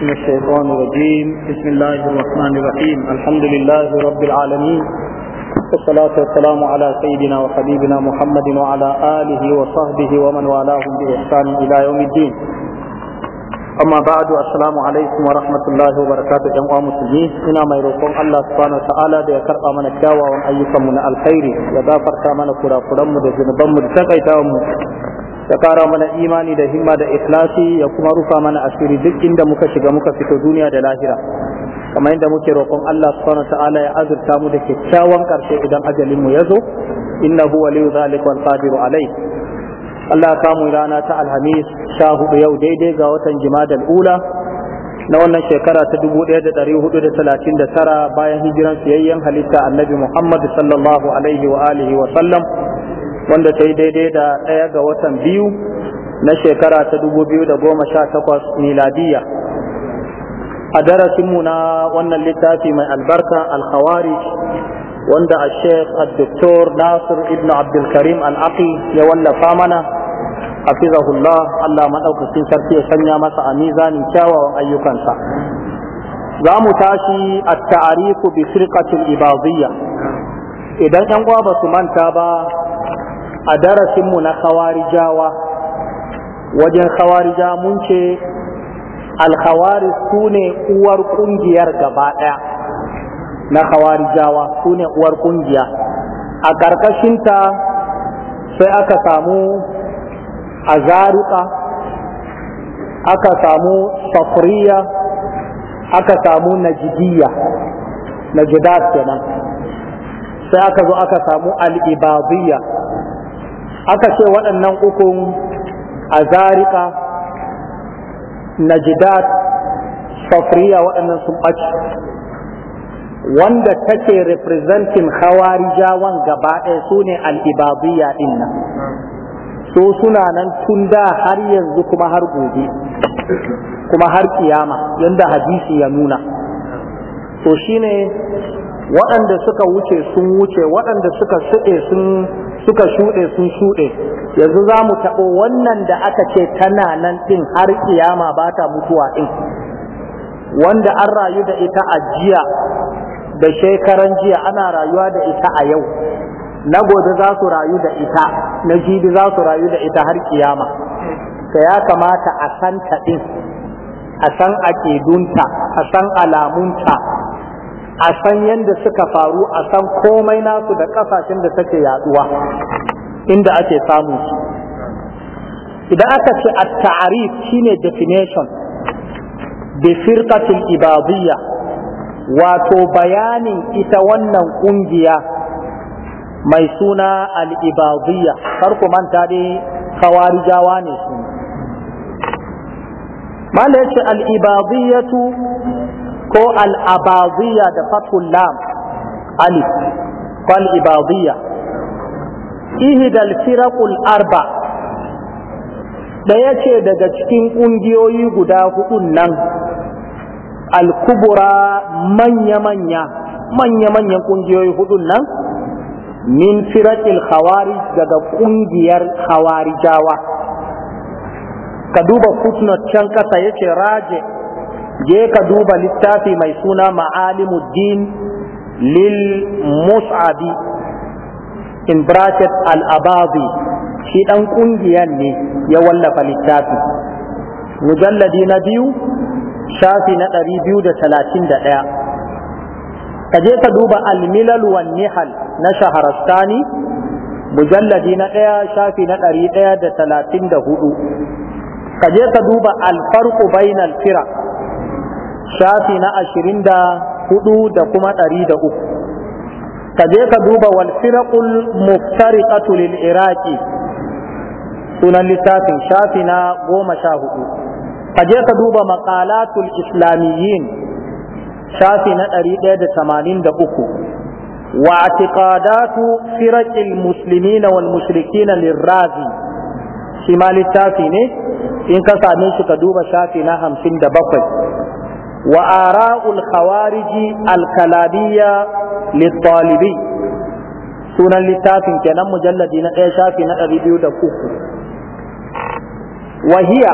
من الشيطان الرجيم بسم الله الرحمن الرحيم الحمد لله رب العالمين والصلاة والسلام على سيدنا وحبيبنا محمد وعلى آله وصحبه ومن والاهم بإحسان إلى يوم الدين أما بعد السلام عليكم ورحمة الله وبركاته جمع مسلمين إنا ما يروكم الله سبحانه وتعالى بيكرق من الشاوى وأن أيكم من الخير يدافر كامن كرا قرم دزنبم دسقيتهم ya kara mana imani da himma da ikhlasi ya kuma rufa mana asiri duk inda muka shiga muka fito duniya da lahira kamar yadda muke roƙon Allah subhanahu ta'ala ya azurta mu da kyakkyawan karshe idan ajalin mu yazo innahu waliyyu zalika wal qadiru alayh Allah ya kamu rana ta alhamis sha hudu yau daidai ga watan jimadal ula na wannan shekara ta 1439 bayan hijiran siyayyen halitta annabi Muhammad sallallahu alaihi wa alihi wa sallam wanda ta yi daidai da ɗaya ga watan biyu na shekara ta 2018 miladiya a darasinmu na wannan littafi mai albarka alkhawari wanda a sheikh al-doktor nasir ibn abdulkarim al-aqi ya wallafa mana hulla, allah maɗaukacin sarki ya sanya masa a mizanin kyawawan ayyukansa za mu tashi a ta'ariku bi firqatil ibadiyya idan yan uwa ba su manta ba a darasinmu na khawarijawa wajen khawarija mun ce alkhawari su ne uwar kungiyar gaba ɗaya na khawarijawa su ne uwar kungiya a ƙarƙashinta sai aka samu azaruka aka samu safriya aka samu najidiyya najidat kenan sai aka zo aka samu al'ibadiyya aka ce waɗannan ukun a zarika jidat safriya waɗannan sun ɓace. wanda take representin hawarijawan gaba ɗaya su ne al'ibabiyya ɗin nan so suna nan tun da har yanzu kuma har gobe kuma har kiyama yadda hadisi ya nuna to shine waɗanda suka wuce sun wuce waɗanda suka suɗe sun suka shuɗe sun shuɗe yanzu za mu taɓo wannan da aka ce tana nan ɗin har kiyama ba ta mutuwa ɗin wanda an rayu da ita a jiya da shekaran jiya ana rayuwa da ita a yau na gobe za su rayu da ita na jibi za su rayu da ita har kiyama ta ya kamata a san taɗin a san aƙidunta a san alamunta a san yadda suka faru a san komai nasu da kasashen da take yaduwa inda ake samu su idan aka ce a ta'arif shine definition bi firqatil ibadiyya wato bayanin ita wannan kungiya mai suna al-ibadiyya farko manta dai jawa ne su mala yace al-ibadiyyatu ko al'abaziyya da fathul lam alif wal ibadiyya ihidal firaqul arba ɗaya ce daga cikin kungiyoyi guda hudun nan al kubura manya-manya manya-manyan kungiyoyi hudun nan min firaqil khawarij daga kungiyar khawarijawa ka duba footnote can yace raje' je ka duba littafi mai suna ma'alimuddin lil mus'abi in bracket al-abazi shi dan kungiyan ne ya wallafa littafi mujalladi na biyu shafi na 231 ka je ka duba almilal wan nihal na shaharastani mujalladi na ɗaya shafi na ɗari ɗaya da talatin da hudu ka je ka duba alfarku bainal fira shafi na ashirin da hudu da kuma ɗari da uku ka je ka duba wal firaqul muftariqatu lil Iraki. sunan littafin shafi na goma sha hudu ka je ka duba maqalatul islamiyyin shafi na ɗari ɗaya da tamanin da uku wa atiqadatu firaqil muslimina wal mushrikina lirrazi shi ma littafi ne in ka same shi ka duba shafi na hamsin da bakwai وآراء الخوارج الكلابية للطالبي سنة لتافن كان مجلدين إيشافين أبيبيو دكوكو وهي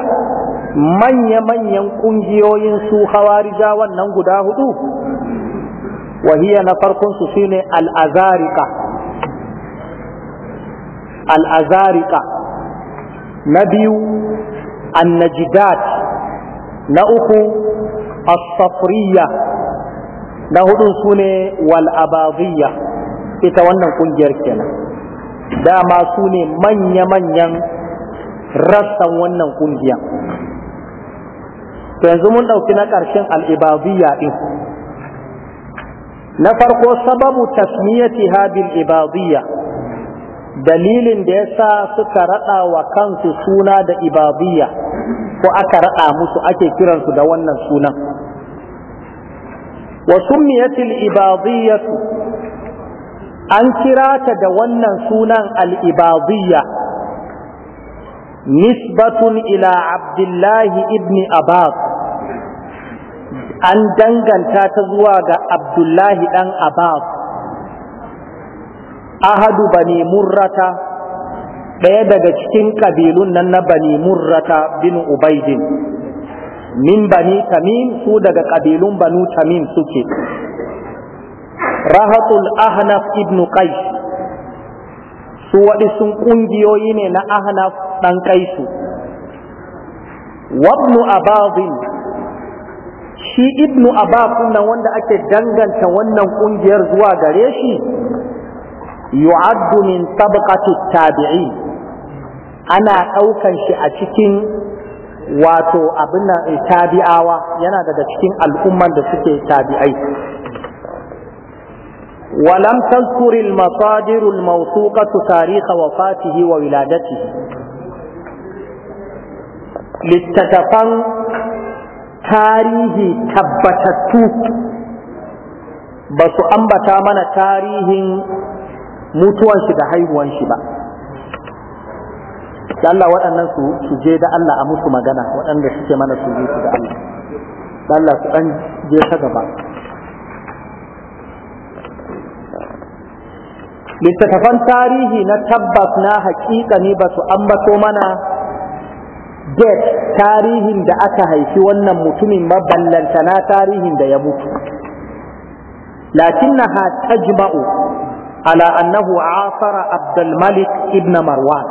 manya-manyan ƙungiyoyin su hawarija wannan guda hudu wahiya na farkonsu su ne al'azarika al'azarika na biyu annajidat na uku as na da hudu sune wal abadiyya ita wannan kungiyar kenan dama su ne manya-manyan rassan wannan kungiya yanzu mun ɗauki na ƙarshen al'ibadiyya ɗin na farko sababu tasmiyati bil ibadiyya dalilin da ya sa suka raɗa wa kansu suna da ibadiyya ko aka raɗa musu ake kiransu da wannan sunan wa summiyatil ibadiyyatu an kira ta da wannan sunan al-ibadiyya nisbatun ila abdullahi ibni abbas an danganta ta zuwa ga abdullahi dan abbas ahadu bani murrata ɗaya daga cikin ƙabilun nan na bani murrata bin ubaidin min bani tamim su daga ƙabilun banu tamim suke rahatul ahnaf ibn qais su waɗi sun ƙungiyoyi ne na ahnaf ɗan kaisu wabnu abazin shi ibnu abab nan wanda ake danganta wannan ƙungiyar zuwa gare shi yu'addu min tabaqati ana ɗaukan shi a cikin wato abin nan eh, tabi'awa yana daga cikin al'umman da suke tabi'ai ولم تذكر المصادر الموثوقة wafatihi wa وولادته littattafan tarihi tabbatattu ba su ambata mana tarihin mutuwan shi da haihuwan shi ba da Allah waɗannan su su je da Allah a musu magana waɗanda suke mana su yi su da Allah da Allah su ɗan je ta gaba littattafan tarihi na tabbas na haƙiƙa ne ba su ambato mana det tarihin da aka haifi wannan mutumin maballanta na tarihin da ya mutu lakin na lakinnaha tajma'u ala annahu asara Abdulmalik malik ibn marwan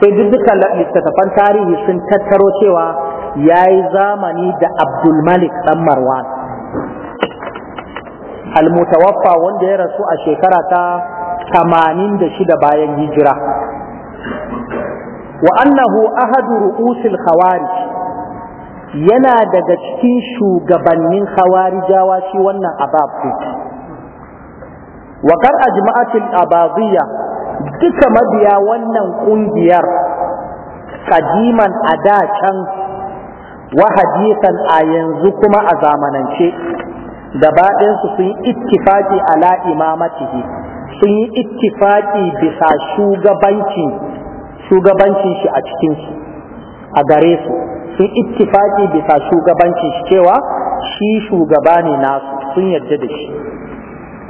sai dukkan littattafan tarihi sun tattaro cewa yayi zamani da Abdulmalik malik dan marwan almutawaffa wanda ya rasu a shekara ta tamanin da shida bayan hijira wa annahu ahadu ru'usil khawarij yana daga cikin shugabannin khawarijawa shi wannan abab wa kar ajma'atil abadiyya duka mabiya wannan kungiyar kadiman a da can wa hadisan a yanzu kuma a zamanance su sun yi ittifaqi ala imamatihi sun yi ittifaqi bisa shugabancin shugabancin shi a cikin su a gare su sun ittifaqi bisa shugabancin shi cewa shi shugaba ne nasu sun yarda da shi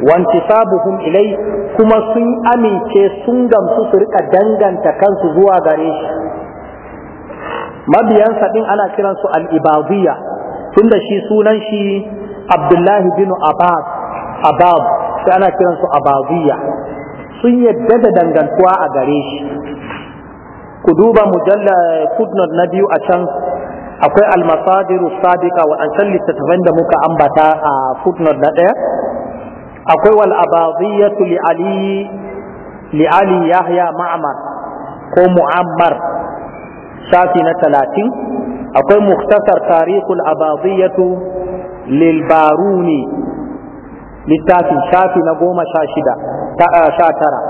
wantisabuhum ilai kuma sun amince sun gamsu su rika danganta kansu zuwa gare shi mabiyansa din ana kiransu al-ibadiyya tunda shi sunan shi Abdullahi bin Abbas Abab sai ana kiransu abadiyya sun yadda da dangantuwa a gare shi ku duba mujalla footnote na biyu a can akwai almasadiru sadiqa waɗancan littattafan da muka ambata a footnote na ɗaya akwai wal abadiyatu li ali li ali yahya ma'mar ko mu'ammar shafi na talatin akwai muktasar tarihul abadiyatu lil baruni littafin shafi na goma sha shida sha tara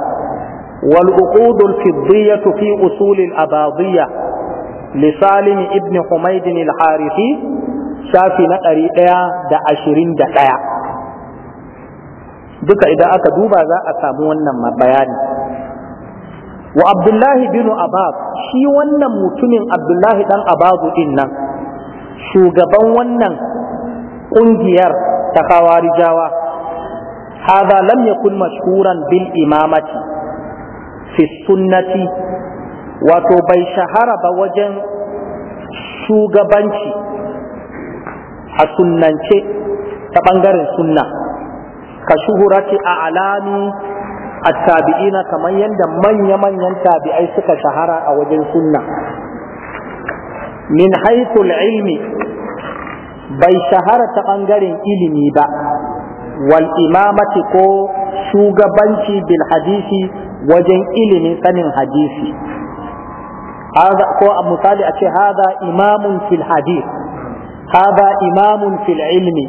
wal uqudul fiddiyatu fi usulil abadiyya لسالم ابن حميد الحارثي شافي نقري ايا دا عشرين دا duka idan aka duba za a samu wannan bayani wa abdullahi bin abbas shi wannan mutumin abdullahi dan abazu din nan shugaban wannan kungiyar ta kawarijawa hadha lam yakun mashhuran bil imamati fi sunnati wato bai shahara ba wajen shugabanci a sunnance ta bangaren sunna ka shuhurati a'lami a tabiina kamar yadda manya-manyan tabi'ai suka shahara a wajen sunna min haithul ilmi bai shahara ta ɓangaren ilimi ba wal imamati ko shugabanci bil hadisi wajen ilimin sanin hadisi ko a misali a ce haza imamun fil hadis haza imamun fil ilmi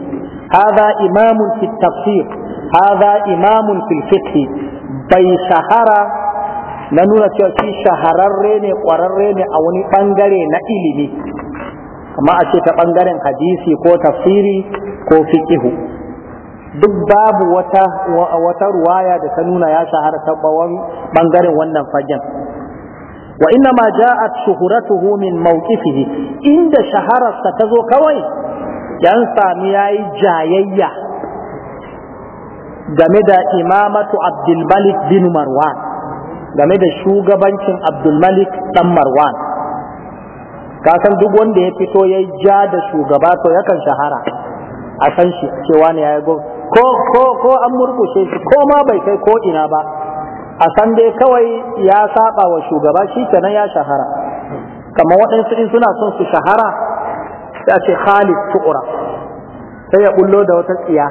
haza imamun fil tafsir hadha imamun fil bai shahara na nuna cewa shi shahararre ne ƙwararre ne a wani bangare na ilimi kama a ce ta ɓangaren hadisi ko tafsiri ko fiƙihu duk babu wata ruwa ya da ta nuna ya shahara ta ɓangaren wannan fagen wa inna ma ja'at shuhuratuhu min mawqifihi inda shahararsa ta zo kawai yan sami yayi jayayya game da imamatu abdulmalik bin marwan game da shugabancin abdulmalik dan marwan kasan duk wanda ya fito ya ja da shugaba to yakan shahara a san shi cewa ne ya yi ko ko an murkushe shi ko ma bai kai ko ina ba a san dai kawai ya saba wa shugaba shi kenan ya shahara kamar waɗansu in suna son su shahara sai ce khalid tu'ura sai ya bullo da wata tsiya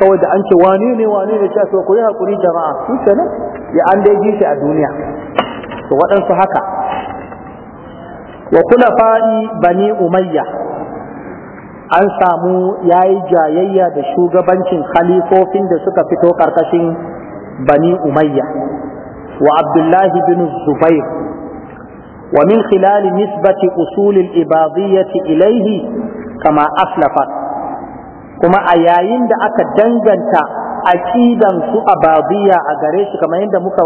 kawai da an ce wani ne wani ne cewa ku yi hakuri jama'a su kenan ya an dai shi a duniya to waɗansu haka wa kula fa'i bani umayya an samu yayi jayayya da shugabancin khalifofin da suka fito karkashin bani umayya wa abdullahi bin zubair wa min khilal nisbati usul al-ibadiyyah ilayhi kama aslafa kuma a yayin da aka danganta aqidan su babiya a gare shi kamar yadda muka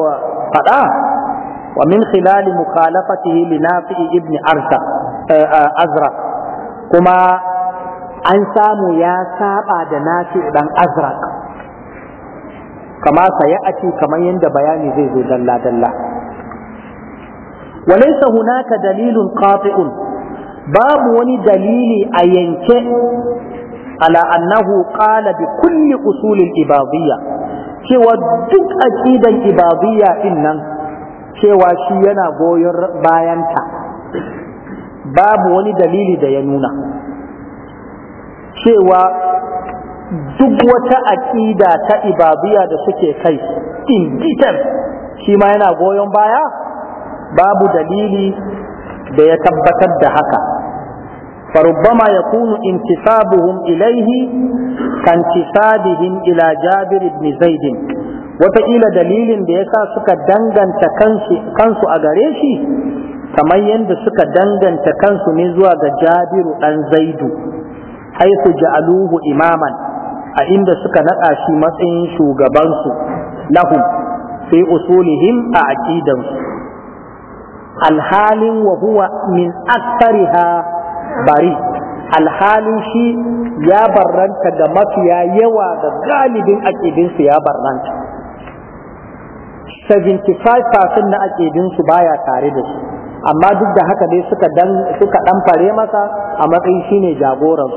faɗa wa min khilali mukhalafatihi li nafi'i ibn arsa eh, eh, azra kuma an samu ya saba da nafi'u dan azraq kama sayati kamar yadda bayani zai zo dalla dalla وليس هناك dalilun قاطع babu wani dalili a yanke ala annahu qala kulli usulil ibabiya cewa duk aƙidan ibadiyya din nan cewa shi yana goyon bayanta babu wani dalili da ya nuna cewa duk wata aƙida ta ibadiyya da suke kai in detail shi ma yana goyon baya babu dalili da ya tabbatar da haka فربما يكون انتسابهم إليه كانتسابهم إلى جابر بن زيد wataƙila dalilin da ya sa suka danganta kansu a gare shi kamar yadda suka danganta kansu ne zuwa ga jabiru ɗan zaidu haisu Aluhu imaman a inda suka naɗa shi matsayin shugabansu lahum fi usulihim a akidansu. alhalin wahuwa huwa min aksariha bari alhalin shi ya barranta da mafiya yawa da galibin aƙidinsu ya barranta 75% na aƙidinsu baya tare da shi amma duk da haka dai suka dan fare masa a matsayin shine jagoran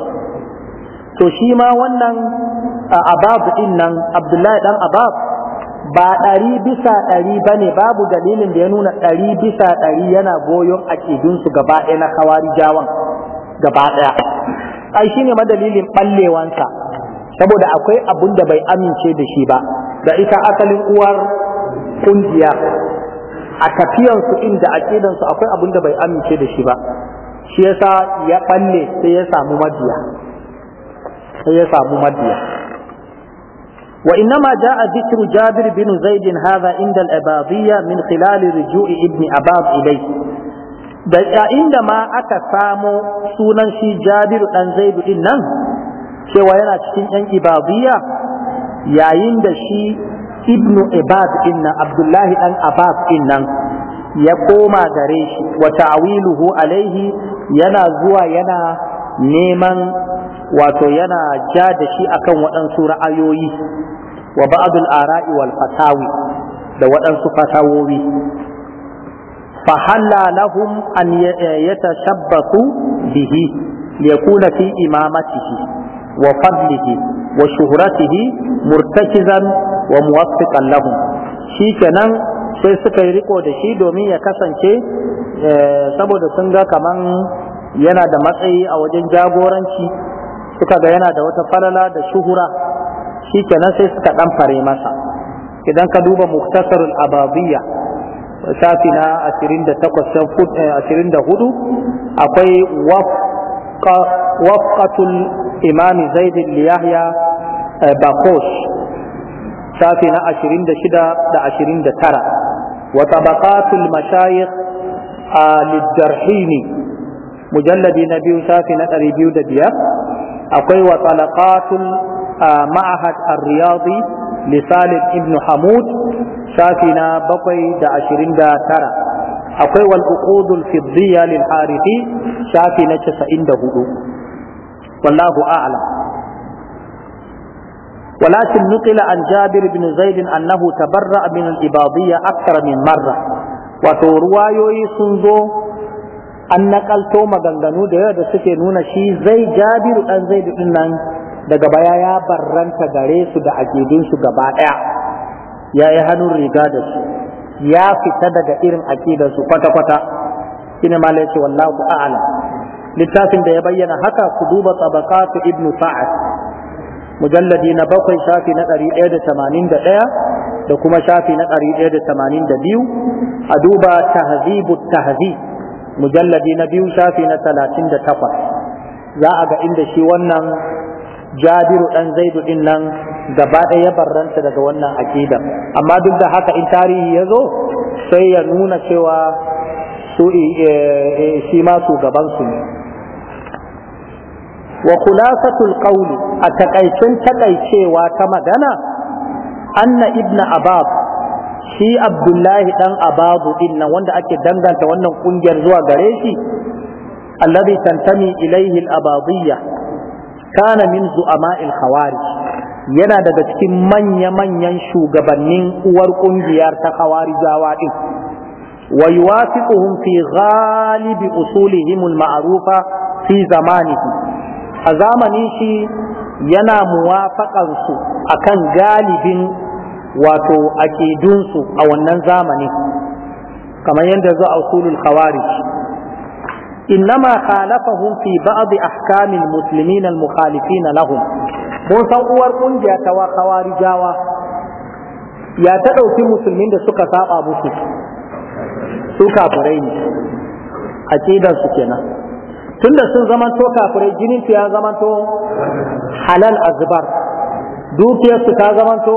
to shi ma wannan abab din nan Abdullahi dan Abab ba ɗari bisa ɗari bane babu dalilin da ya nuna ɗari bisa ɗari yana goyon aƙidunsu gaba ɗaya na kawari jawan gaba ɗaya ai shine madalilin ɓallewansa saboda akwai abun da bai amince da shi ba da ita asalin uwar kungiya a tafiyansu inda aƙidansu akwai abun da bai amince da shi ba shi yasa ya ɓalle sai ya samu mabiya sai ya samu mabiya وإنما جاء ذكر جابر بن زيد هذا عند الأباضية من خلال رجوع ابن أباض إليه da inda ma aka samo sunan shi jabiru dan zaidu din nan cewa yana cikin yan ibadiyya yayin da shi ibnu ibad din nan abdullahi dan abbas din nan ya koma gare shi wa ta'wiluhu alaihi yana zuwa yana neman wato yana ja da shi akan waɗansu ra'ayoyi wa ba'dul ara'i wal fatawi da waɗansu fatawowi فحل لهم أن يتشبثوا به ليكون في إمامته وفضله وشهرته مرتكزا وموفقا لهم شيكنا sai suka yi riko da shi domin ya kasance saboda sun ga kaman yana da matsayi a wajen jagoranci suka ga yana da wata falala da shuhura kenan sai suka ɗan fare masa idan ka duba muktasarul ababiyya shafi na 24 eh, akwai wafqatul imami zaidin liyahya eh, bakosh shafi na 26 da 29 wa tabaqatul mashayikh للجرحيني ah, mujallabi na biyu safi na ɗari biyu da biyar akwai wa talaqatul ah, ma'ahad ar-riyadi lisalib ibn hamud shafi na bakwai da ashirin da tara akwai wal uqudul fiddiya shafi na casa'in da hudu wallahu a'lam ولكن نقل عن ta barra زيد أنه تبرأ من min marra, wato ruwayoyi sun zo an naƙalto maganganu da yawa da suke nuna shi zai jabiru dan zai din nan daga baya ya barranta gare su da aƙidunsu gaba ɗaya ya yi hannun riga da su ya fita daga irin aƙidarsu kwata-kwata shine ma laifin wallahu a'ala littafin da ya bayyana haka ku duba tabaqatu Ibnu sa'ad mujalladi na bakwai shafi na ɗari ɗaya da tamanin da ɗaya da kuma shafi na ɗari ɗaya da tamanin da biyu a duba tahzibu tahzib mujalladi na biyu shafi na talatin da takwas za a ga inda shi wannan jabiru dan zaidu din nan gaba ɗaya ya barranta daga wannan aqidan amma duk da haka in tarihi ya zo sai ya nuna cewa su eh, eh, shi ma su gaban su ne wa khulasatul qawli a takaicin takaicewa ta magana anna ibnu Abab shi abdullahi dan ababu din nan wanda ake danganta wannan kungiyar zuwa gare shi Alabi tantami ilaihil al kana min zu'ama'il khawarij yana daga cikin manya-manyan shugabannin uwar kungiyar ta khawarijawa din wa yuwafiquhum fi ghalibi usulihim al-ma'rufa fi zamanihi a zamanin shi yana muwafaqar su akan galibin wato akidunsu a wannan zamani kamar yadda zuwa usulul khawarij innama khalafahum fi ba'd ahkamil muslimin al mukhalifin lahum mun san uwar kungiya ta khawarijawa ya ta dauki musulmin da suka saba musu su kafirai ne a aqidar su kenan da sun zamanto kafirai jinin su ya zamanto halal azbar dukiyar su ta zamanto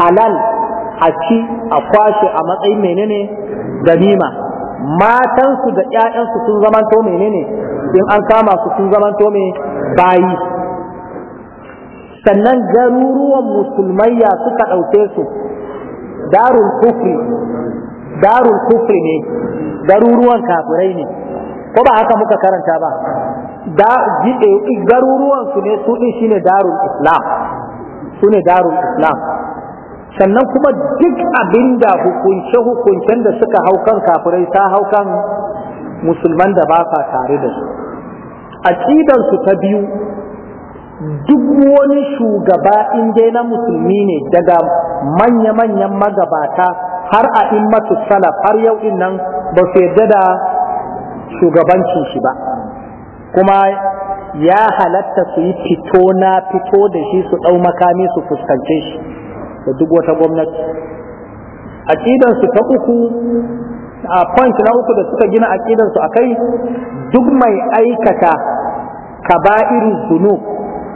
halal a ci a kwashe a matsayin menene ganima matansu da 'ya'yansu sun zamanto menene in an kama su sun zamanto me bayi sannan garuruwan musulmaiya suka ɗauke su darul kufri darul kufri ne garuruwan kafirai ne ko ba haka muka karanta ba da garuruwan su ne su din shine darul islam su ne darul islam sannan kuma duk abin da hukunce-hukuncen da suka hau kan kafirai ta hau kan musulman da ba sa tare da su A su ta biyu duk wani shugaba in na musulmi ne daga manya-manyan magabata har a in masu salaf har yau in nan ba su yarda da shugabancin shi ba kuma ya halatta su yi fito na fito da shi su ɗau makami su fuskance shi da duk wata gwamnati aƙidansu ta uku a point na uku da suka gina aƙidansu a kai duk mai aikata kaba'irin zunu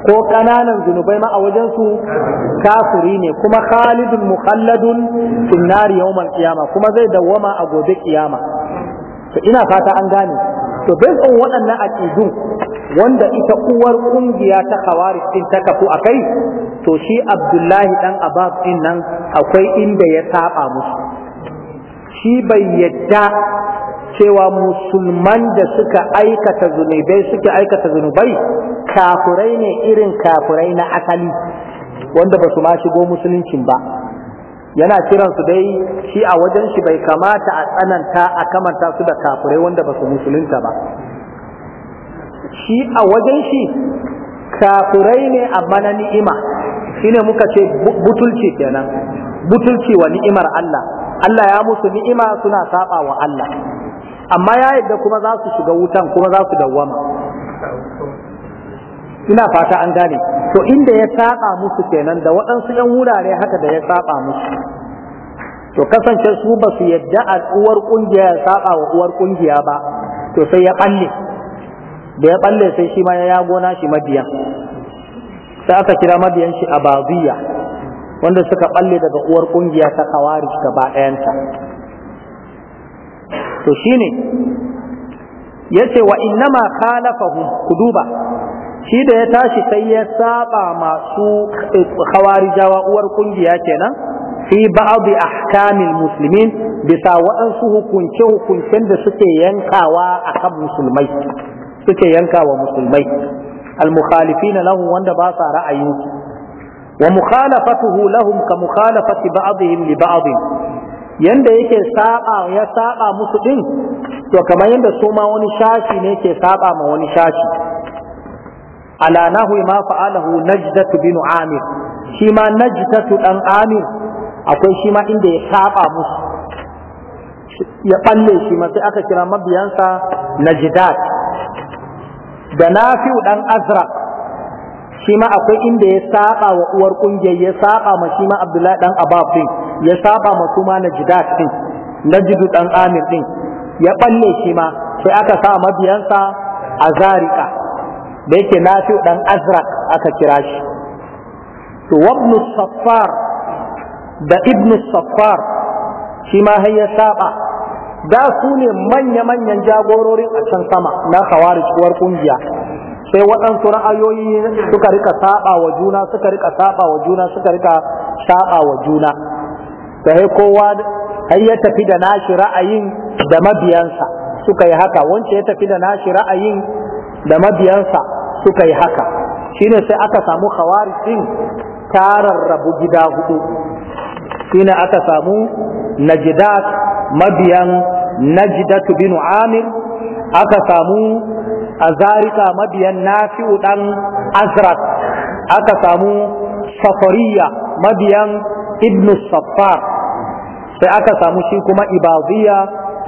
ko ƙananan zunubai ma a wajensu kafuri ne kuma khalidun mukhalladun finnari yawmal kiyama kuma zai dawwama a gobe kiyama to ina fata an gane to based on waɗannan aƙidun wanda ita uwar kungiya ta khawarij din ta kafu akai to shi Abdullahi dan Abab din nan akwai inda ya saba musu shi bai yadda cewa musulman da suka aikata zunubai suke aikata zunubai kafurai ne irin kafurai na asali wanda ba su ma shigo musuluncin ba yana kiran su dai shi a wajen shi bai kamata a tsananta a kamanta su da kafurai wanda ba su musulunta ba shi a wajen shi kafirai ne amma na ni'ima Shi ne muka ce butulci nan, butulci wa ni'imar Allah Allah ya musu ni'ima suna saba wa Allah amma ya yadda kuma za su shiga wutan kuma za su dawwama ina fata an gane to inda ya saba musu kenan da waɗansu yan wurare haka da ya saba musu to kasance su ba su yadda al'uwar kungiya ya saba wa uwar kungiya ba to sai ya ɓalle da ya balle sai shi ma ya yago shi sai aka kira mabiyan shi abaziya wanda suka balle daga uwar kungiya ta kawari gaba ɗayanta to shine ce wa innama khalafahu kuduba shi da ya tashi sai ya saba masu kawarijawa uwar kungiya kenan fi ba'd ahkamil muslimin bisa waɗansu hukunce hukuncen da suke yankawa akan musulmai ke yanka wa musulmai al-mukhalifina lahu wanda ba sa ra'ayin wa mukhalafatuhu lahum ka mukhalafati ba'dihim li ba'd yanda yake saba ya saba musu ɗin, to kamar yanda suma wani shashi ne ke saba ma wani shashi ala nahwi ma fa'alahu najdatu bin amir shi ma najdatu dan amir akwai shi ma inda ya saba musu ya balle shi ma sai aka kira mabiyansa najdat da nafi'u dan azraq shi ma akwai inda ya saba wa uwar kungiyar ya saba ma shi ma abdullahi dan abab ya saba ma kuma najidat din najidu dan amir din ya balle shi ma sai aka sa mabiyansa azarika da yake fi dan azraq aka kira shi to wabnu saffar da ibnu saffar shi ma har ya saba da su ne manya-manyan jagororin a can sama na hawari uwar kungiya sai waɗansu ra'ayoyi suka rika saba wa juna suka rika saba wa juna suka rika saba wa juna sai kowa har ya tafi da nashi ra'ayin da mabiyansa suka yi haka wance ya tafi da nashi ra'ayin da mabiyansa suka yi haka shine sai aka samu hawari din tararrabu gida hudu shine aka samu najidat mabiyan najdatu bin amir aka samu azarika mabiyan nafi'u dan azrak aka samu safariya mabiyan ibnu saffar sai aka samu shi kuma ibadiyya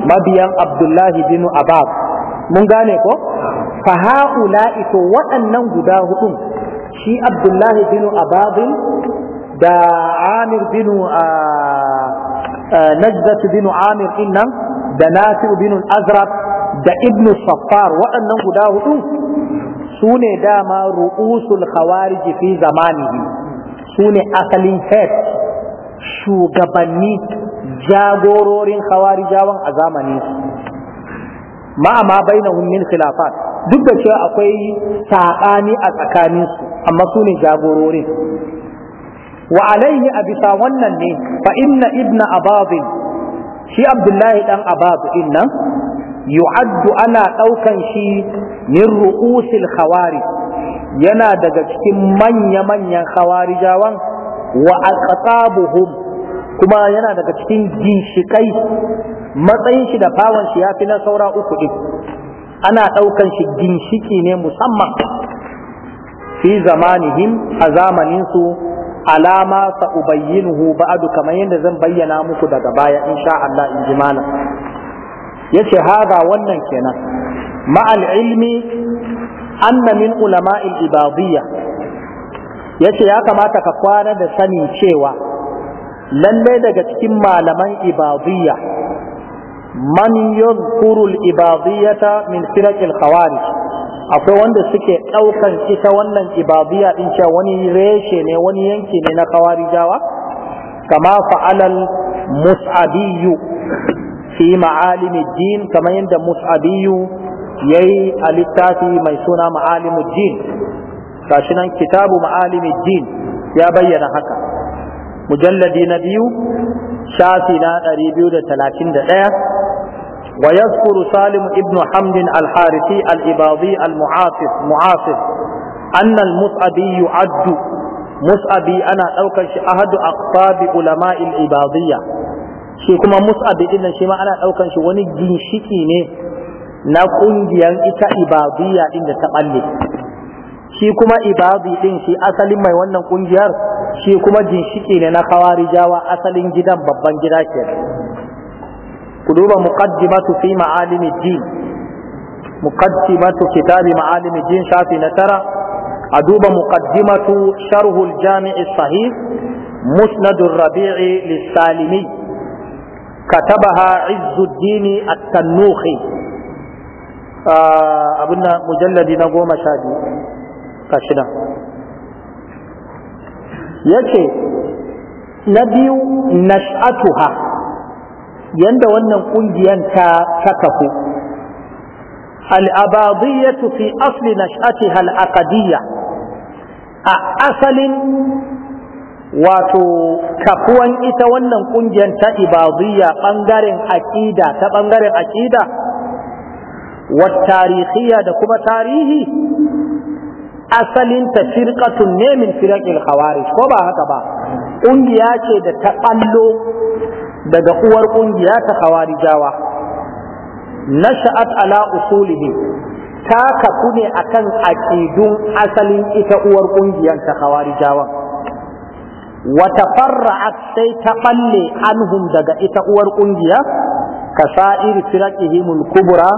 mabiyan abdullahi bin abbas mun gane ko fa ito waɗannan guda hudun shi abdullahi bin abbas da amir bin ah, najdat bin amir innan da nasir bin azraq da ibn saffar waɗannan guda hudu su ne dama ru'usul khawarij fi zamanihi su ne asalin hed shugabanni jagororin khawarijawan a zamanin su ma'a ma bainahum min khilafat duk da cewa akwai saɓani a tsakaninsu amma su ne jagororin wa alaihi a bisa wannan ne fa inna ibna ababin shi abdullahi dan abab innan yu'addu ana daukan shi min ru'usil khawari yana daga cikin manya-manyan khawarijawan wa aqtabuhum kuma yana daga cikin ginshikai matsayin shi da fawon shi yafi na saura uku din ana daukan shi ginshiki ne musamman fi zamanihim a zamaninsu alama sa ubayyinuhu ba'du kamar yadda zan bayyana muku daga baya insha Allah in ji malam yace hada wannan kenan ma'al ilmi anna min ulama'il ibadiyya yace ya kamata ka kwana da sanin cewa lallai daga cikin malaman ibadiyya man yadhkuru al-ibadiyyata min firaq khawarij akwai wanda suke ɗaukan ita wannan ibadiyya din cewa wani reshe ne wani yanki ne na jawa? kama fa'alal mus'abiyu fi ma'alimi din kamar yadda mus'abiyyu yayi a littafi mai suna ma'alimu din gashi nan kitabu ma'alimi din ya bayyana haka mujalladi na biyu shafi na 231 ويذكر سالم ابن حمد الحارثي الإباضي المعاصف معاصف أن المصعبي يعد مصعبي أنا أوكش أحد أقطاب علماء الإباضية shi kuma mus'ab din nan shi ana daukan shi wani ginshiki ne na kungiyar ita ibadiyya din da ta shi kuma ibadi din shi asalin mai wannan kungiyar shi kuma ginshiki ne na khawarijawa asalin gidan babban gida kenan قلوب مقدمة في معالم الدين مقدمة كتاب معالم الدين شافي نترى أدوب مقدمة شره الجامع الصحيح مسند الربيع للسالمي كتبها عز الدين التنوخي آه، أبونا مجلد نقوم شادي كشنا يكي نبي نشأتها yanda wannan kungiyan ta ta kafu al-abadiyyah fi asli nash'atiha al a asalin wato kafuwan ita wannan ƙungiyar ta ibadiyya bangaren aqida ta bangaren aqida wa tarihiyya da kuma tarihi asalin ta firqatun ne min firaqil khawarij ko ba haka ba kungiya ce da ta ballo daga uwar kungiya ta khawarijawa nasha'at ala usulihi ta kafu ne akan aqidun asalin ita uwar kungiyar ta khawarijawa wa tafarra'at sai ta balle anhum daga ita uwar kungiya ka sa'ir firaqihimul kubra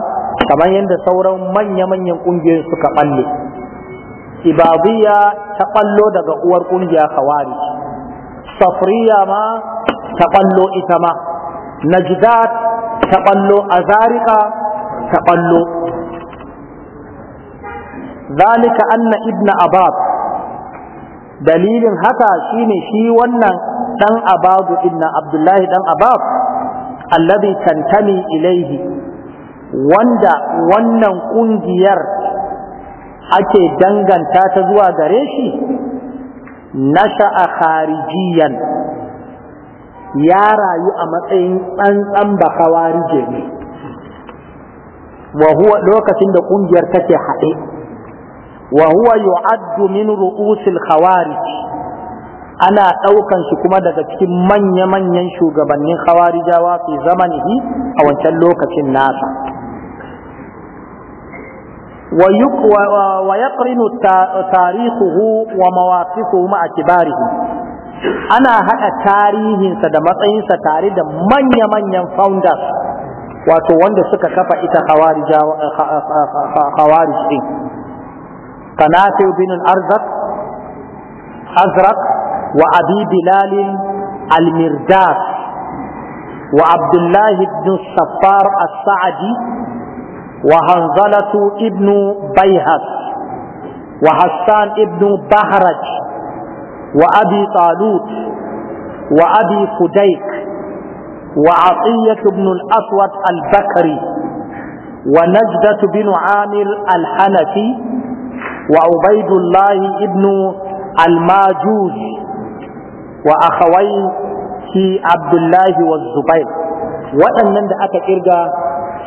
kamar yadda sauran manya-manyan kungiyoyin suka balle ibadiyya ta ballo daga uwar kungiya khawarij safriya ma ta ƙwallo ita ma najdat ta a zarika ta ƙwallo zalika anna ibn abab dalilin haka shine shi wannan dan ababu inna abdullahi dan abab alladhi tantami ilaihi wanda wannan kungiyar ake danganta ta zuwa gare shi a kharijiyan ya rayu a matsayin tsantsan bakawarije ne wa huwa lokacin da kungiyar take haɗe wa huwa yu'addu min ru'usil khawarij ana ɗaukan shi kuma daga cikin manya-manyan shugabannin khawarijawa fi zamanihi a wancan lokacin nasa wa yaqrinu tarihuhu wa mawaqifuhu ma'a kibarihi ana haɗa tarihinsa da matsayinsa tare da manya-manyan founders wato wanda suka kafa ita khawarij din tanafi bin arzak azrak wa abi bilal al-mirdas wa abdullah ibn safar as-sa'di wa hanzalatu ibn bayhas wa hassan ibn bahraj وأبي طالوت وأبي فديك وعطية بن الأسود البكري ونجدة بن عامر الحنفي وعبيد الله بن الماجوج وأخويه عبد الله والزبير وأن aka kirga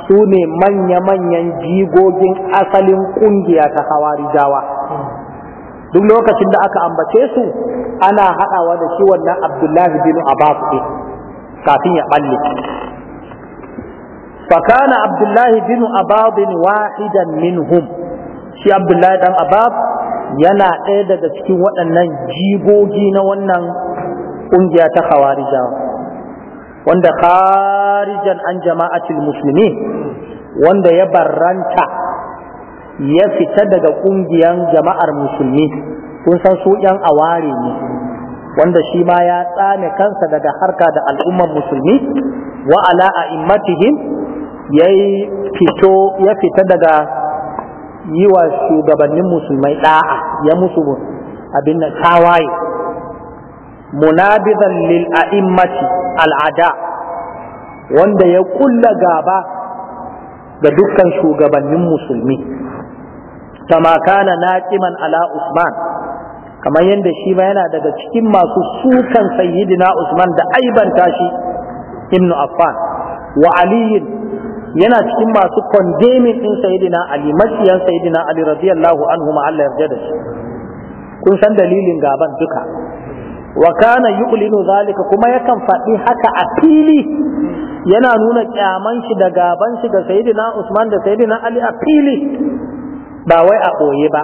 su ne manya-manyan jigogin asalin ƙungiya ta hawarijawa duk lokacin da aka ambace su ana haɗawa da shi wannan abdullahi bin abbas ɗin kafin ya ɓalle Fakana Abdullahi bin بن wa'idan واحدا منهم شي عبد الله بن أباب ɗaya daga cikin waɗannan jigogi na wannan ƙungiya ta khawarija wanda kharijan an jama'atul muslimin wanda ya barranta ya fita daga ƙungiyar jama'ar musulmi kun san su yan aware ne wanda shi ma ya tsame kansa daga harka da al'ummar musulmi wa ala a'immatihim yayi fito ya fita daga yi wa shugabannin musulmai da'a ya musu abin da tawaye munabidan lil a'immati al'ada wanda ya kulla gaba ga dukkan shugabannin musulmi kama kana naqiman ala usman kamar yadda shi ba yana daga cikin masu sukan sayyidina usman da aibanta shi ibnu affan wa aliyin yana cikin masu condemning din sayyidina ali maciyan sayyidina ali radiyallahu anhu ma Allah yarda da shi kun san dalilin gaban duka wa kana yu'linu zalika kuma yakan faɗi haka a fili yana nuna kyaman shi da gaban shi ga sayyidina Usman da sayyidina Ali a fili ba wai a ɓoye ba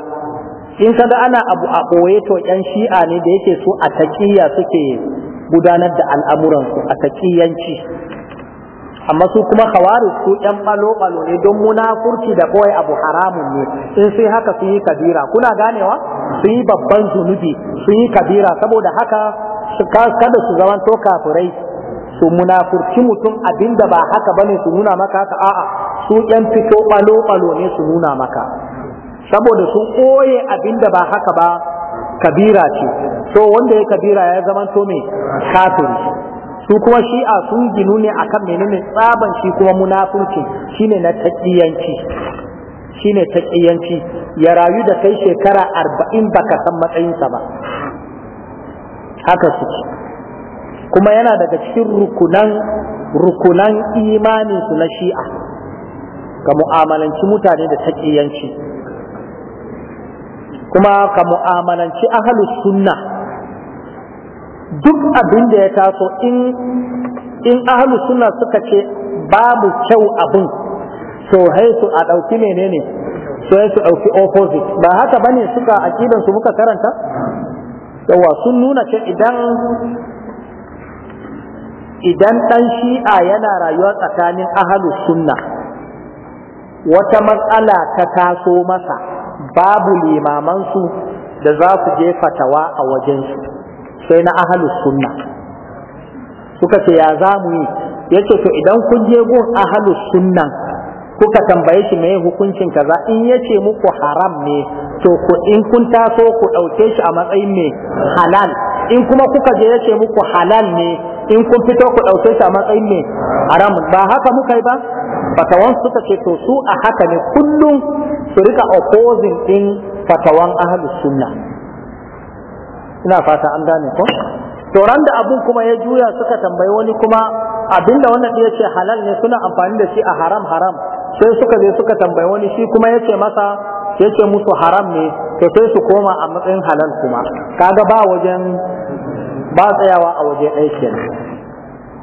in kaga ana abu a ɓoye to yan shi'a ne da yake so a taƙiyya suke gudanar da al'amuransu a taƙiyyanci amma su kuma khawari su yan ɓalo-ɓalo ne don munafurci da ɓoye abu haramun ne in sai haka su yi kabira kuna ganewa su yi babban zunubi su yi kabira saboda haka kada su to kafirai su munafurci mutum abinda ba haka bane su nuna maka a'a su yan fito balo balo ne su nuna maka saboda sun koye abinda ba haka ba kabira ce so wanda ya kabira ya zama to mai kafiri su kuma shi'a sun ginu ne akan menene tsaban shi kuma munafurci shine na taqiyanci shine taqiyanci ya rayu da kai shekara arba'in baka san matsayinsa ba haka suke kuma yana daga cikin rukunan rukunan su na shi'a ga mu'amalanci mutane da taqiyanci kuma ka mu'amalanci ahalus sunna duk abin da ya taso in in ahalus sunna suka ce babu kyau abin so haisu a ɗauki menene so haisu ɗauki opposite ba haka bane suka aqidan su muka karanta yawa sun nuna ce idan idan ɗan shi'a yana rayuwa tsakanin ahalus sunna wata matsala ta taso masa babu limaman su da za su je fatawa a wajensu sai na ahalus sunna suka ce ya za mu yi yace to idan kun je gun ahalus sunna kuka tambaye shi mai hukuncin kaza in yace muku haram ne to ku in kun taso ku ɗauke shi a matsayin mai halal in kuma kuka je yace muku halal ne in kun fito ku ɗauke shi a matsayin mai haram ba haka muka yi ba fatawan suka ce to su a haka ne kullum su rika opposing din fatawan ahlus sunna ina fata an gane ko to ran da abun kuma ya juya suka tambayi wani kuma abinda wannan ya ce halal ne suna amfani da shi a haram haram sai suka je suka tambayi wani shi kuma ya ce masa ya musu haram ne to sai su koma a matsayin halal kuma kaga ba wajen ba tsayawa a waje ɗaya kenan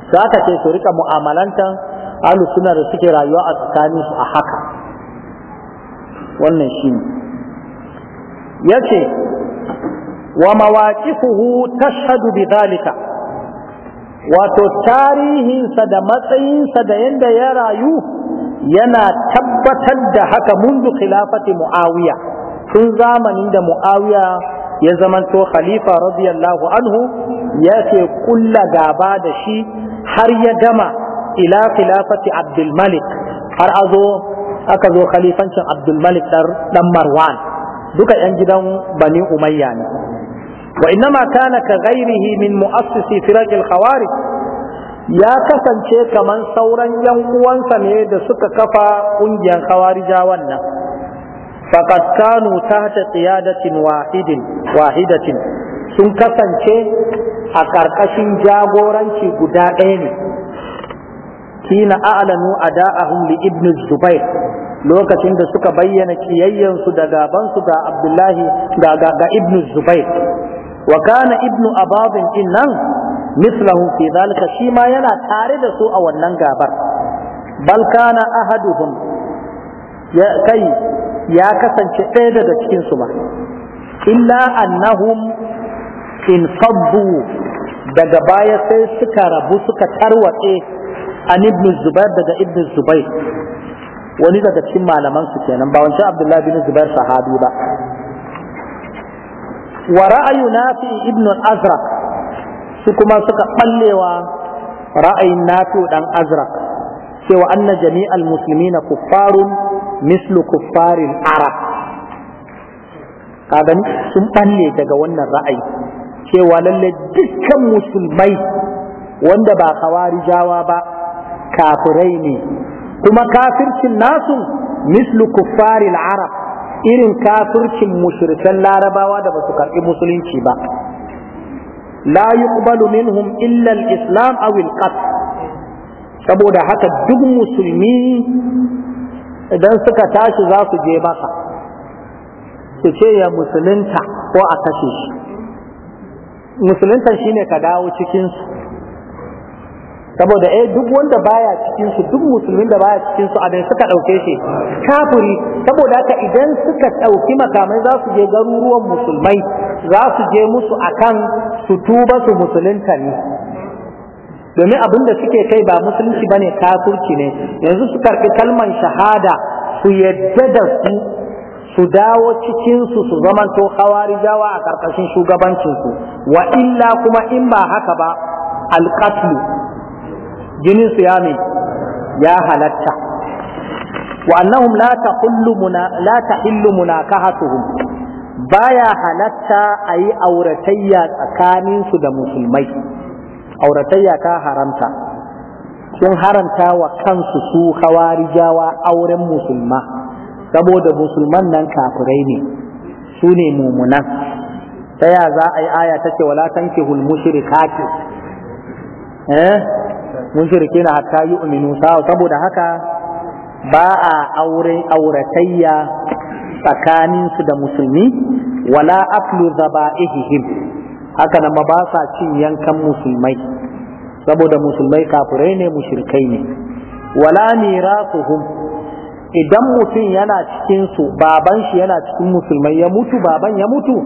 sai aka ce su rika mu'amalantan ahlu sunna da suke rayuwa a tsakanin su a haka wannan shine yace wa mawaqifuhu tashhadu bi dhalika wato tarihinsa da matsayinsa da yadda ya rayu yana tabbatar da haka mundu khilafati muawiya tun zamanin da muawiya ya zamanto khalifa radiyallahu anhu yake kulla gaba da shi har ya gama ila khilafati Abdul Malik har azo aka zo khalifancin Abdul Malik dan Marwan duka yan gidan Bani Umayya ne wa innama kana ka ghairihi min muassisi firaq al-khawarij ya kasance kaman sauran yan uwansa ne da suka kafa ƙungiyar khawarija wannan faqad kanu tahta qiyadatin wahidin wahidatin sun kasance a ƙarƙashin jagoranci guda ɗaya ne kina a'lanu ada'ahum li ibn zubair lokacin da suka bayyana kiyayyansu da gabansu ga abdullahi ga ga, ga ibn zubair wa kana ibn ababin innan mislahu fi zalika shi ma yana tare da su a wannan gabar bal kana ahaduhum ya kai ya kasance ɗaya daga cikin su ba illa annahum infabbu daga baya sai suka rabu suka tarwatse an ibn zubair daga ibn zubair wani daga cikin malaman su kenan ba wancan abdullahi bin zubair sahabi ba wa ra'ayu nafi ibn azraq su kuma suka ballewa ra'ayin nafi dan azraq cewa anna jami'al muslimina kuffarun mislu kuffarin arab kaga sun balle daga wannan ra'ayi cewa lalle dukkan musulmai wanda ba jawa ba kafirai ne kuma kafircin nasu mislu kuffaril arab irin kafircin mushrikan larabawa da ba su karɓi musulunci ba la yuqbalu minhum illa al-islam aw al-qatl saboda haka duk musulmi idan suka tashi za su je maka su ce ya musulunta ko a kashe shi musulunta shine ka dawo cikinsu saboda eh, duk wanda baya cikinsu duk musulmin da baya cikinsu abin suka ɗauke shi kafiri saboda haka idan suka ɗauki makamai za su je garuruwan musulmai za su je musu akan su tuba su musulunta ne domin abin da suke kai ba musulunci bane kafirci ne yanzu su karɓi kalman shahada su yadda da su su dawo cikinsu su zamanto jawa a ƙarƙashin shugabancinsu wa illa kuma in ba haka ba alƙatlu jininsu ya me ya halatta wa annahum la tahillu muna la tahillu munakahatuhum baya halatta ayi auratayya tsakaninsu da musulmai auratayya ka haramta sun haramta wa kansu su hawarijawa auren musulma saboda musulman nan kafirai ne su ne mumunan ta ya za a yi aya ta ce wala hul mushrikati eh mushrike na hatta yu'minu saboda haka ba a auren auratayya tsakanin su da musulmi wala aklu zaba'ihim haka nan ba sa cin yankan musulmai saboda musulmai kafirai ne mushrikai ne wala mirasuhum idan mutum yana cikin su baban shi yana cikin musulmai ya mutu baban ya mutu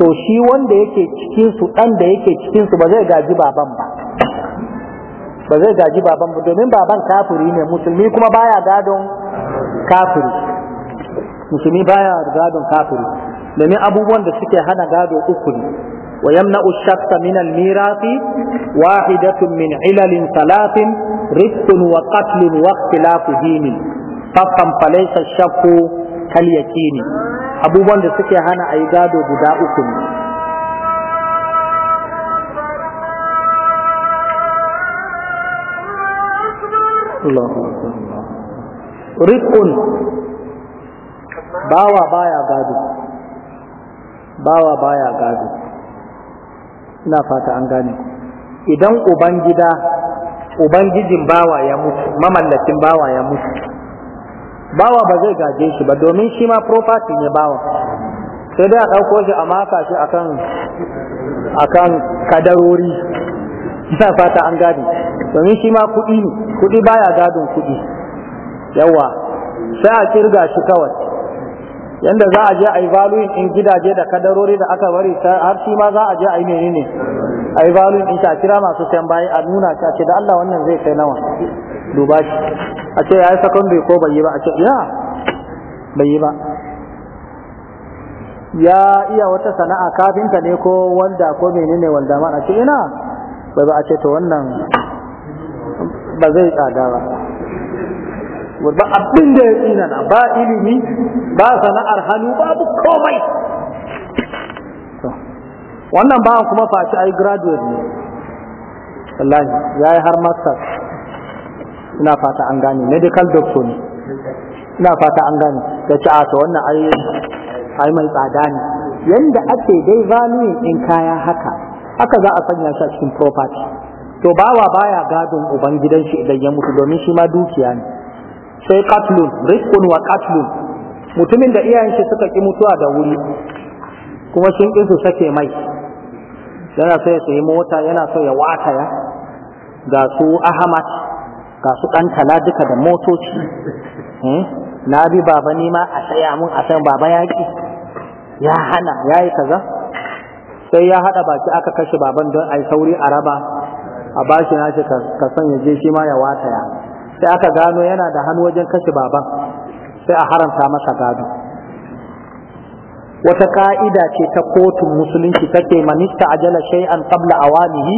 to shi wanda yake cikin su dan da yake cikin su ba zai gaji baban ba ba zai gaji baban ba domin baban kafiri ne musulmi kuma baya gadon kafiri musulmi baya gadon kafiri domin abubuwan da suke hana gado uku ne ويمنع الشخص من الميراث واحدة من علل ثلاث رفق وقتل واختلاف دين haqqan falaisa shakku kal yaqini abubuwan da suke hana ayi gado guda uku ne rikun bawa baya gado bawa baya gado ina fata an gane idan ubangida ubangijin bawa ya mutu mamallakin bawa ya mutu bawa ba zai gaje shi ba domin shi ma property ne bawa sai dai a ɗauko shi a maka shi akan akan kadarori sai fata an gadi domin shi ma kuɗi ne kuɗi baya gadon kuɗi yawa sai a kirga shi kawai yanda za a je a yi in gidaje da kadarori da aka bari har shi ma za a je a yi menene a yi in ta kira masu sayan bayi a nuna ta ce da Allah wannan zai kai nawa duba shi a ce ya yi secondary ko bai yi ba a ce ya bai yi ba ya iya wata sana'a kafinta ne ko wanda ko menene wanda ma a ce ina bai ba a ce ta wannan ba zai tsada ba ba abin da ya tsina na ba ilimi ba sana'ar hannu babu komai wannan ba kuma fashi ai graduate ne wallahi ya yi har masters ina fata an gane medical doctor ne ina fata an gane da ci asa wannan ai mai tsada ne yanda ake dai value in kaya haka haka za a sanya shi a cikin property to bawa baya gadon ubangidan shi idan ya mutu domin shi ma dukiya ne sai qatlun rizqun wa qatlun mutumin da iyayen shi suka ki mutuwa da wuri kuma sun ƙi sake mai yana so ya sayi mota yana so ya wata ya ga su ahmad ga su ɗan tala duka da motoci hmm? na bi baba ne ma a saya mun a san baba ya ki ya hana ya yi kaza sai ya haɗa baki aka kashe baban don a yi sauri a raba a bashi nashi ka ya je shi ma ya wataya sai aka gano yana da hannu wajen kashe baban sai a haramta masa gado wata ka'ida ce ta kotun musulunci take manista ajala shay'an qabla awanihi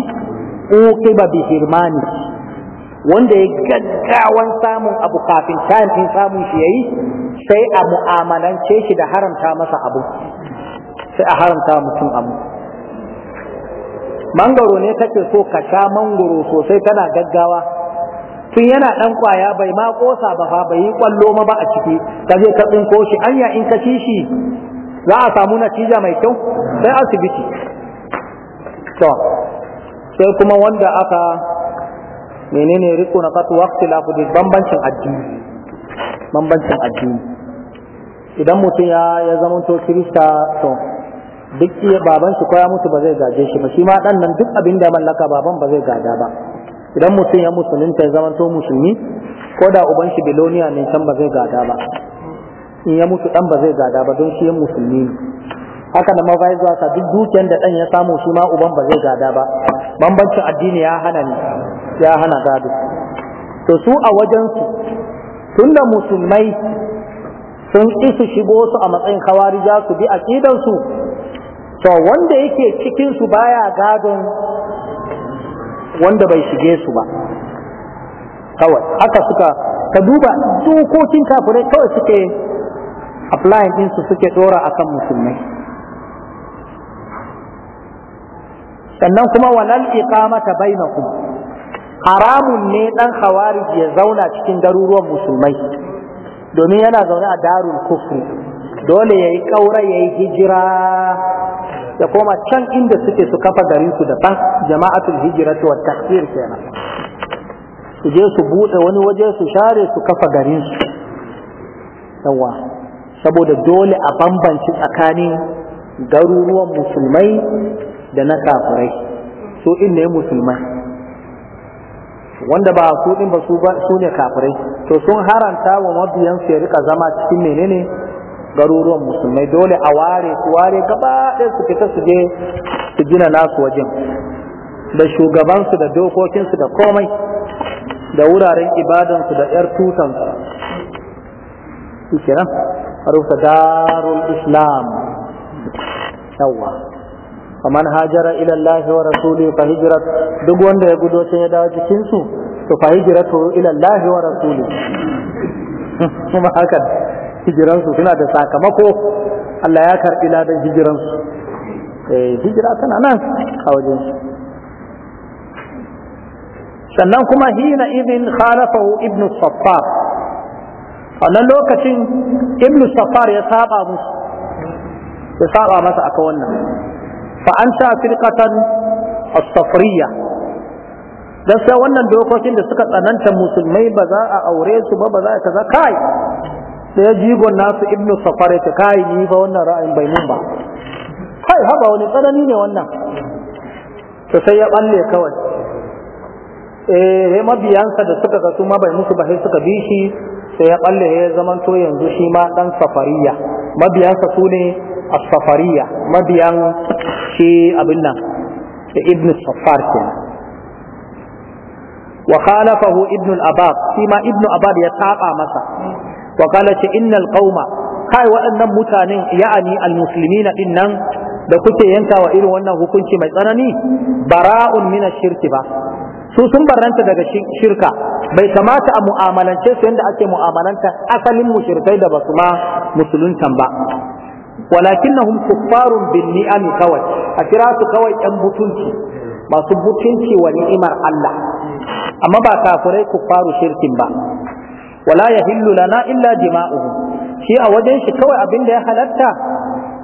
uqiba bi hirmanihi wanda ya gaggawan samun abu kafin tayin samun shi yi, sai a mu'amalance shi da haramta masa abu sai a haramta mutum abu mangoro ne take so ka sha mangoro sosai tana gaggawa tun yana ɗan kwaya bai ma ƙosa ba fa bai yi kwallo ma ba a ciki ka je ka tsinko shi anya in ka ci shi za a samu natija mai kyau sai asibiti to sai kuma wanda aka menene riko na katu waqti lafu bambancin addini bambancin addini idan mutum ya ya zama to kirista to duk iya baban shi koya mutu ba zai gaje shi ba shi ma dan nan duk abin da mallaka baban ba zai gada ba idan mutum ya musulunta ya zama to musulmi ko da uban shi biloniya ne can ba zai gada ba in ya mutu dan ba zai gada ba don shi ya musulmi ne haka da mafai zuwa duk dukiyar da dan ya samu shi ma uban ba zai gada ba bambancin addini ya hana ni ya hana gado to su a wajensu tunda musulmai sun isu shigo su a matsayin khawarija su bi su, to wanda yake cikin su baya gadon wanda bai shige su ba kawai haka suka ka duba dokokin kafirai kawai suke applying din su suke dora akan musulmai sannan kuma walal iqamata bainakum haramun ne dan khawarij ya zauna cikin garuruwan musulmai domin yana zaune a darul kufri dole yayi kaura yayi hijira ya koma can inda suke su kafa garin su da ban jama'atul hijratu wat takfir kenan su je su bude wani waje su share su kafa garin su yawa saboda dole a bambanci tsakanin garuruwan musulmai da na kafirai su in ne musulmai wanda ba su din ba su ne kafirai to sun haranta wa mabiyan su ya rika zama cikin menene garuruwan musulmai dole a ware su ware gaba ɗaya su fita su je su gina nasu wajen da shugabansu da dokokinsu da komai da wuraren ibadansu da 'yar tutansu shi kenan a darul islam yawwa faman hajara ila Allah wa rasuli fa hijrat duk wanda ya gudo sai ya dawo cikin su to fa hijratu ila Allah wa rasuli kuma haka hijiran su suna da sakamako Allah ya karbi ladan hijiran su eh hijira tana nan a wajen su sannan kuma hina idin khalafahu ibn Saffar A wannan lokacin ibn Saffar ya saba musu ya saba masa aka wannan fa an ta firqatan dan sai wannan dokokin da suka tsananta musulmai ba za a aure su ba ba za a kaza kai sai jigon nasu ibnu safar ta kai ni ba wannan ra'ayin bai mun ba kai haba wani tsanani ne wannan to sai ya balle kawai eh mabiyansa da suka ga su ma bai musu ba sai suka bi shi sai ya balle ya zaman to yanzu shi ma dan safariya mabiyansa su ne as-safariya mabiyan ce abin nan ibn safar kenan wa khalafahu ibn al-abad shi ma ibn abad ya saba masa wa qala ce innal qauma kai waɗannan mutanen ya'ani al-muslimina din nan da kuke yanka wa irin wannan hukunci mai tsanani bara'un min shirki ba su sun baranta daga shirka bai kamata a mu'amalance su yadda ake mu'amalanta asalin mushrikai da basu ma musuluntan ba walakinnahum kuffarun bin ni'am kawai a kira su kawai yan butunci masu butunci wa ni'imar Allah amma ba kafirai kuffaru shirkin ba wala yahillu na illa dima'uhum shi a wajen shi kawai abinda ya halatta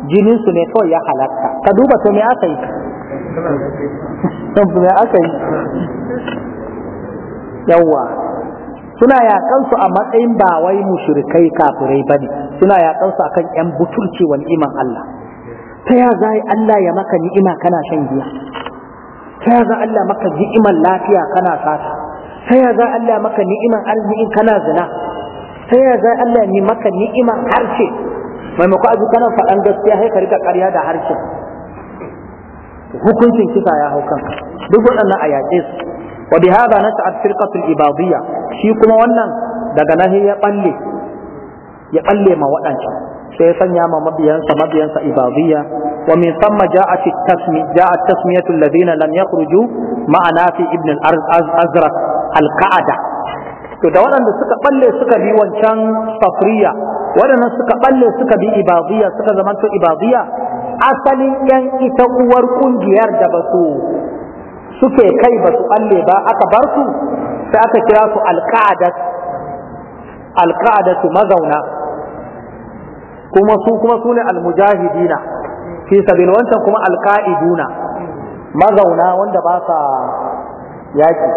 jininsu ne kawai ya halatta ka duba to me aka yi suna yakan su a matsayin ba wai mushrikai kafirai bane suna yakan su akan yan butulci wal iman Allah ta ya zai Allah ya maka ni'ima kana shan giya ta ya za Allah maka ni'iman lafiya kana sata ta ya za Allah maka ni'iman arzikin kana zina ta ya za Allah ni maka ni'iman harshe maimako abu kana faɗan gaskiya sai ka rika ƙarya da harshe hukuncin kisa ya hau kanka duk waɗannan a yaƙe su wa bi hadha nas'at firqatul ibadiyya shi kuma wannan daga nahi ya balle ya balle ma wadancan sai ya sanya ma mabiyansa mabiyansa ibadiyya wa min thumma ja'at at-tasmi ja'at tasmiyatu alladhina ma'ana fi ibn al-azraq to da waɗanda suka balle suka bi wancan safriya waɗannan suka balle suka bi ibadiyya suka zamanto ibadiyya asalin yan ita uwar ƙungiyar da ba su suke kai ba su balle ba aka bar su sai aka kira su alqa'adat su mazauna kuma su kuma su ne almujahidina fi sabil wancan kuma alqa'iduna mazauna wanda ba sa yaki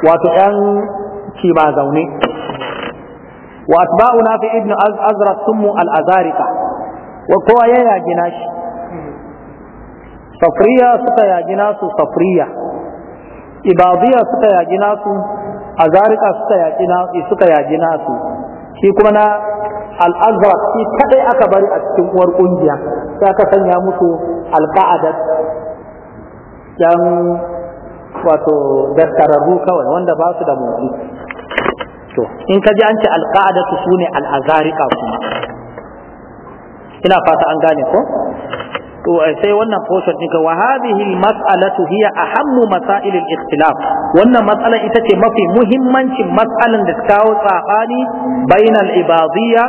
wato ƴan kima zaune wa atba'una fi ibnu azra summu al-azarika wa kowa ya yagina shi safriya suka yaji nasu safriya ibadiya suka yaji nasu azarika suka yaji nasu shi kuma na al'azra shi kadai aka bari a cikin uwar kungiya sai aka sanya musu alqa'adat yan wato daskararru kawai wanda ba su da motsi to in ka ji an ce alqa'adatu sune al'azarika kuma ina fata an gane ko to eh, sai wannan portion din wa hadhihi mas'alatu hiya ahammu masail al-ikhtilaf wannan mas'ala ita ce mafi muhimmancin mas'alan da kawo tsabani bainal ibadiyya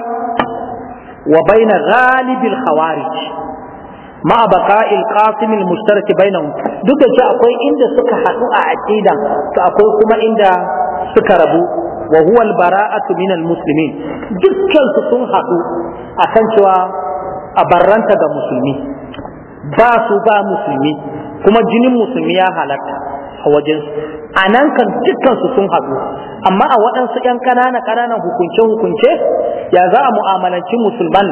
wa bainar ghalib al-khawarij ma baqa'i al-qasim al-mushtarak bainahum duk da cewa akwai inda suka haɗu a aqidan to akwai kuma inda suka rabu wa huwa al-bara'atu min al-muslimin dukkan su sun haɗu akan cewa a barranta ga musulmi ba su ba musulmi kuma jinin musulmi ya halatta a su. a nan kan su sun haɗu amma a waɗansu ‘yan ƙanana ƙananan hukunce-hukunce ya za a mu'amalanci musulman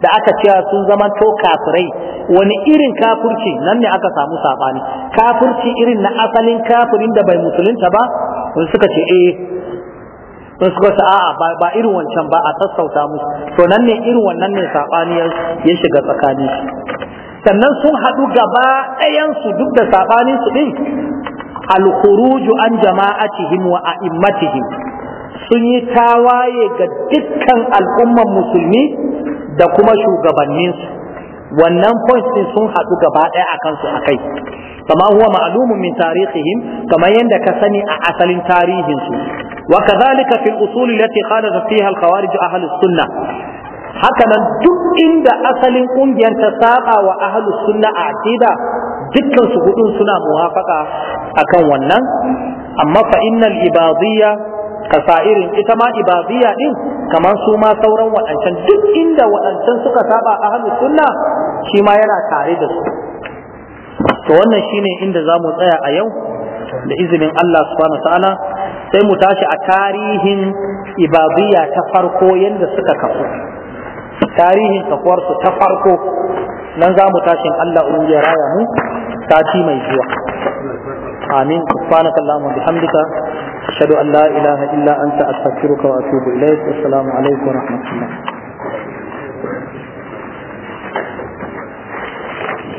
da aka cewa sun zama to kafirai wani irin kafirci nan ne aka samu saɓani kafirci irin na asalin kafirin da bai musulunta ba sun suka ce eh sun suka ce a'a ba irin wancan ba a sassauta musu to nan ne irin wannan ne saɓani ya shiga tsakani sannan sun haɗu gaba ɗayansu duk da saɓaninsu ɗin alkhuruju an jama'atihim wa a'immatihim sun yi tawaye ga dukkan al'umman musulmi da kuma shugabanninsu wannan point ɗin sun haɗu gaba ɗaya a kansu a kai kama huwa ma'lumun min tarihihim kamar yadda ka sani a asalin tarihinsu wa kadhalika fil usul allati khalafa fiha al-khawarij ahlus sunnah Hakanan duk inda asalin ƙungiyar ta saba wa ahlus sunna a aqida dukkan su hudun suna muwafaka akan wannan amma fa innal ibadiyya kasairin ita ma ibadiyya din kamar su ma sauran waɗancan duk inda waɗancan suka saba ahlus sunna shi ma yana tare da su to wannan shine inda zamu tsaya a yau da izinin Allah subhanahu sai mu tashi a tarihin ibadiyya ta farko yadda suka kafu tarihin kafuwarsu ta farko nan za mu tashin Allah ubangi ya raya mu sati mai zuwa amin subhanakallahumma wa bihamdika ashhadu an la ilaha illa anta astaghfiruka wa atubu ilaik assalamu alaikum wa rahmatullah